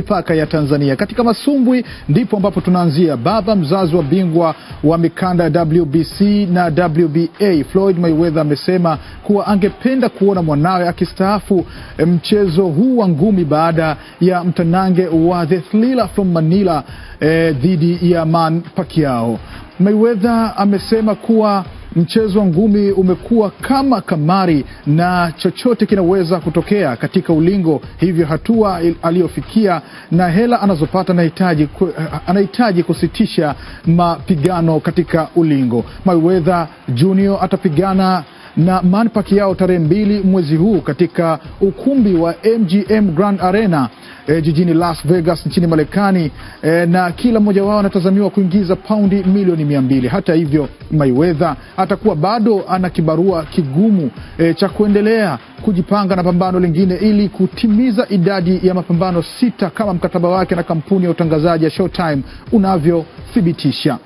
Mipaka ya Tanzania katika masumbwi ndipo ambapo tunaanzia. Baba mzazi wa bingwa wa mikanda ya WBC na WBA Floyd Mayweather amesema kuwa angependa kuona mwanawe akistaafu eh, mchezo huu wa ngumi baada ya mtanange wa The Thriller from Manila eh, dhidi ya Man Pacquiao. Mayweather amesema kuwa Mchezo wa ngumi umekuwa kama kamari na chochote kinaweza kutokea katika ulingo, hivyo hatua aliyofikia na hela anazopata anahitaji, anahitaji kusitisha mapigano katika ulingo. Mayweather Junior atapigana na Man Pacquiao tarehe mbili mwezi huu katika ukumbi wa MGM Grand Arena e, jijini Las Vegas nchini Marekani e, na kila mmoja wao anatazamiwa kuingiza paundi milioni mia mbili. Hata hivyo, Mayweather atakuwa bado ana kibarua kigumu e, cha kuendelea kujipanga na pambano lingine ili kutimiza idadi ya mapambano sita kama mkataba wake na kampuni ya utangazaji ya Showtime unavyothibitisha.